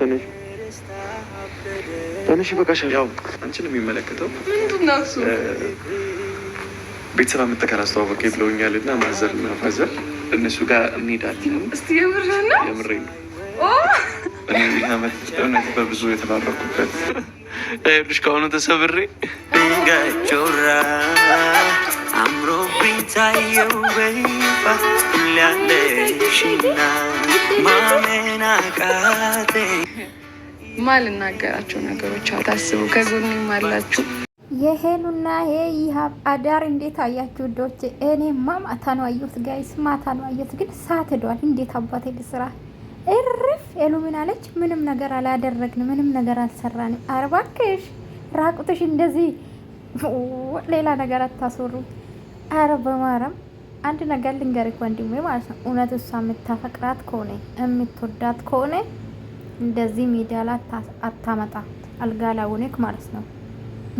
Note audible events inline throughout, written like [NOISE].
ተነሽ ተነሽ ተነሽ፣ በቃሽ። ያው አንቺን የሚመለከተው ምንድን ነው እሱ ቤተሰብ የምትከራ አስተዋወቀ ብለውኛል እና ማዘር እና ፋዘር እነሱ ጋር እንሄዳለን። እስቲ የምር ነው የምር ነው። እነዚህ ዓመት እውነት በብዙ የተባረኩበት ልሽ ከሆኑ ተሰብሬ ድንጋይ ጮራ አምሮብኝ ታየው በይፋ ማመን ማልናገራቸው ነገሮች አታስቡ፣ ከጎን አላችሁ። የሄሉና የኢሃብ አዳር እንዴት አያችሁ ዶች? እኔማ ማታ ነው አየሁት፣ ጋይስ ማታ ነው አየሁት፣ ግን ሰዓት ሄዷል። እንዴት አባቴ ልስራ? እርፍ ሄሉ ምን አለች? ምንም ነገር አላደረግን፣ ምንም ነገር አልሰራን አርባክሽ ራቁትሽ እንደዚህ ሌላ ነገር አረ በማረም አንድ ነገር ልንገርክ ወንድሜ ማለት ነው። እውነት እሷ የምታፈቅራት ከሆነ የምትወዳት ከሆነ እንደዚህ ሚዲያ ላይ አታመጣ አልጋ ላይ ሆነክ ማለት ነው።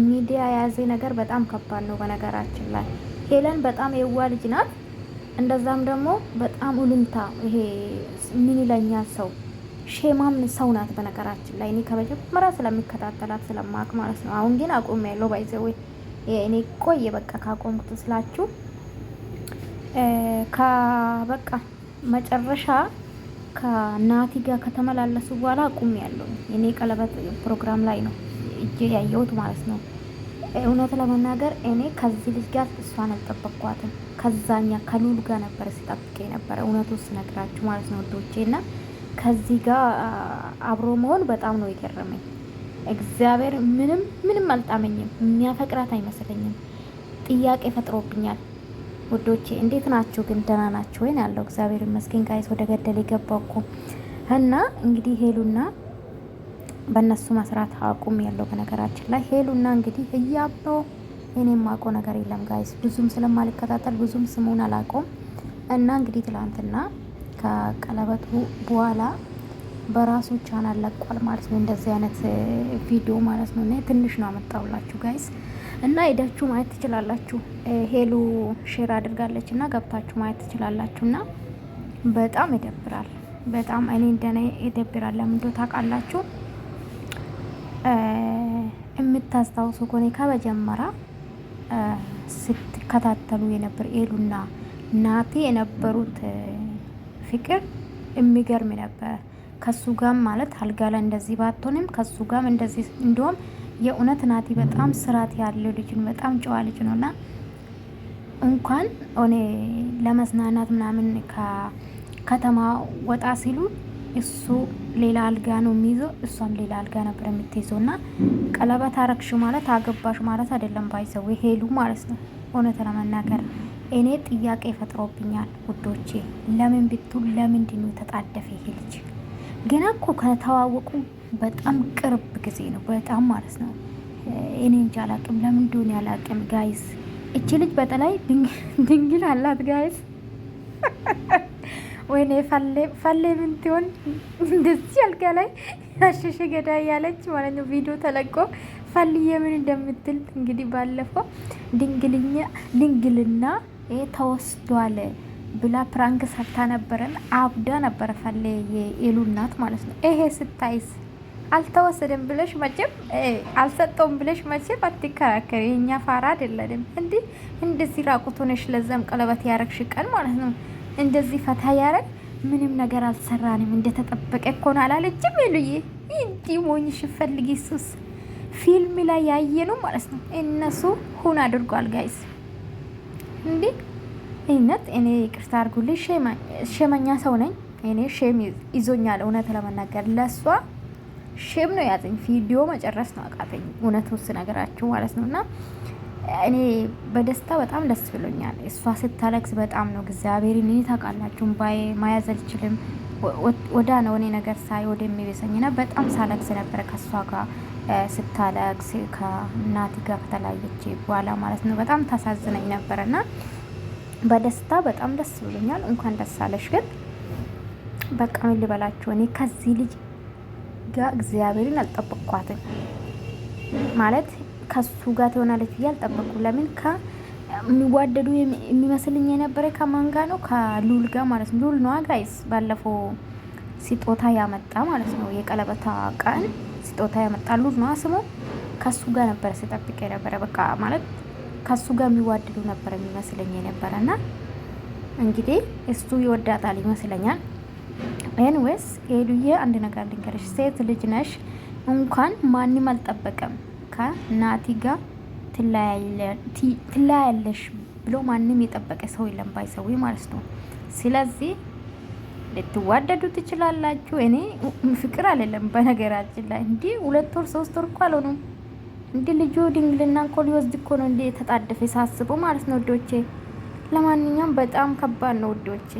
ሚዲያ የያዘ ነገር በጣም ከባድ ነው። በነገራችን ላይ ሄለን በጣም የዋ ልጅ ናት። እንደዛም ደግሞ በጣም ውልምታ ይሄ ምን ይለኛ ሰው ሼማም ሰው ናት። በነገራችን ላይ እኔ ከመጀመሪያ ስለሚከታተላት ስለማቅ ማለት ነው። አሁን ግን አቁም ያለው ባይዘዌ እኔ ቆየ በቃ ካቆምኩት ስላችሁ በቃ መጨረሻ ከናቲ ጋር ከተመላለሱ በኋላ አቁም ያለው እኔ ቀለበት ፕሮግራም ላይ ነው እጅ ያየሁት ማለት ነው። እውነት ለመናገር እኔ ከዚህ ልጅ ጋር እሷን አልጠበቅኳትም። ከዛኛ ከሉል ጋር ነበር ሲጠብቅ ነበረ። እውነቱ ስነግራችሁ ማለት ነው ዶቼ እና ከዚህ ጋር አብሮ መሆን በጣም ነው የገረመኝ። እግዚአብሔር ምንም ምንም አልጣመኝም። የሚያፈቅራት አይመስለኝም። ጥያቄ ፈጥሮብኛል። ውዶቼ እንዴት ናችሁ? ግን ደህና ናችሁ ወይ? ያለው እግዚአብሔር ይመስገን። ጋይስ ወደ ገደል የገባው እኮ እና እንግዲህ ሄሉና በእነሱ መስራት አቁም ያለው በነገራችን ላይ ሄሉና እንግዲህ እያበው እኔ የማውቀው ነገር የለም ጋይስ፣ ብዙም ስለማልከታተል ብዙም ስሙን አላውቀውም። እና እንግዲህ ትላንትና ከቀለበቱ በኋላ በራሱ ቻናል ለቋል ማለት ነው። እንደዚህ አይነት ቪዲዮ ማለት ነው። እኔ ትንሽ ነው አመጣውላችሁ ጋይስ እና ሄዳችሁ ማየት ትችላላችሁ። ሄሉ ሼር አድርጋለች እና ገብታችሁ ማየት ትችላላችሁ። እና በጣም ይደብራል። በጣም እኔ እንደኔ ይደብራል። ለምን እንደው ታውቃላችሁ የምታስታውሱ ከሆነ ከመጀመሪያ ስትከታተሉ የነበር ሄሉና ናቲ የነበሩት ፍቅር የሚገርም ነበር። ከሱ ጋም ማለት አልጋ ላይ እንደዚህ ባትሆንም ከሱ ጋም እንደዚህ እንደውም የእውነት ናቲ በጣም ስርዓት ያለው ልጅ ነው። በጣም ጨዋ ልጅ ነው እና እንኳን ሆኔ ለመዝናናት ምናምን ከከተማ ወጣ ሲሉ እሱ ሌላ አልጋ ነው የሚይዘው፣ እሷም ሌላ አልጋ ነበር የምትይዘው። እና ቀለበት አረግሽ ማለት አገባሽ ማለት አይደለም። ባይዘው ሄሉ ማለት ነው። እውነት ለመናገር እኔ ጥያቄ ፈጥሮብኛል ውዶቼ። ለምን ብቱ ለምንድን ነው የተጣደፈ ይሄ ልጅ? ገና እኮ ከተዋወቁ በጣም ቅርብ ጊዜ ነው። በጣም ማለት ነው። እኔ እንጃ አላቅም፣ ለምን እንደሆነ ያላቅም። ጋይስ እቺ ልጅ በጠላይ ድንግል አላት ጋይስ። [LAUGHS] ወይኔ ፈሌ ምን ትሆን እንደዚህ አልጋ ላይ አሸሸ ገዳ ያለች ማለት ነው። ቪዲዮ ተለቆ ፈልዬ ምን እንደምትል እንግዲህ ባለፈው ድንግልኛ ድንግልና ተወስዷል ብላ ፕራንክ ሰርታ ነበረን አብዳ ነበረ ፈሌ የኤሉ እናት ማለት ነው። ይሄ ስታይስ አልተወሰደም ብለሽ መቼም አልሰጠውም ብለሽ መቼም አትከራከሪ። የእኛ ፋራ አይደለንም። እንዲህ እንደዚህ ራቁት ሆነሽ ለዛም ቀለበት ያረግሽ ቀን ማለት ነው እንደዚህ ፈታ ያረግ ምንም ነገር አልሰራንም። እንደተጠበቀ እኮ ነው አላለችም ኤሉዬ። እንዲ ሞኝሽ ፈልጊ ሱስ ፊልም ላይ ያየኑ ማለት ነው እነሱ ሁን አድርጓል ጋይስ እንዴ ይህነት እኔ ቅርታ አድርጉልኝ፣ ሸመኛ ሰው ነኝ እኔ። ሼም ይዞኛል እውነት ለመናገር ለእሷ ሼም ነው ያዘኝ። ቪዲዮ መጨረስ ነው አቃተኝ፣ እውነት ውስ ነገራችሁ ማለት ነው። እና እኔ በደስታ በጣም ደስ ብሎኛል። እሷ ስታለቅስ በጣም ነው እግዚአብሔር እኔ ታውቃላችሁ፣ ባይ ማያዝ አልችልም። ወዳ ነው እኔ ነገር ሳይ ወደ የሚቤሰኝ ና በጣም ሳለቅስ ነበረ ከእሷ ጋር ስታለቅስ ከእናት ጋር ከተለያየች በኋላ ማለት ነው። በጣም ታሳዝነኝ ነበረ እና በደስታ በጣም ደስ ብሎኛል። እንኳን ደስ አለሽ። ግን በቃ ምን ልበላችሁ፣ እኔ ከዚህ ልጅ ጋር እግዚአብሔርን አልጠበቅኳትም። ማለት ከሱ ጋር ትሆናለች ብዬ አልጠበቅኩም። ለምን ከሚዋደዱ የሚመስልኝ የነበረ ከማንጋ ነው? ከሉል ጋር ማለት ነው። ሉል ነዋ ጋይስ፣ ባለፈው ስጦታ ያመጣ ማለት ነው። የቀለበታ ቀን ስጦታ ያመጣ ሉል ነዋ ስሙ። ከሱ ጋር ነበረ ስጠብቅ የነበረ በቃ ማለት ከሱ ጋር የሚዋደዱ ነበር የሚመስለኝ የነበረና እንግዲህ እሱ ይወዳታል ይመስለኛል። ኤንዌስ ሄዱዬ አንድ ነገር ልንገርሽ፣ ሴት ልጅ ነሽ እንኳን ማንም አልጠበቀም ከናቲ ጋር ትለያለሽ ብሎ ማንም የጠበቀ ሰው የለም፣ ባይ ሰው ማለት ነው። ስለዚህ ልትዋደዱ ትችላላችሁ። እኔ ፍቅር አለለም በነገራችን ላይ እንዲህ ሁለት ወር ሶስት ወር እኮ አልሆኑም። እንደ ልጁ ድንግልና እኮ ሊወስድ እኮ ነው እንደ የተጣደፈ ሳስበው ማለት ነው ውዶቼ። ለማንኛውም በጣም ከባድ ነው ውዶቼ።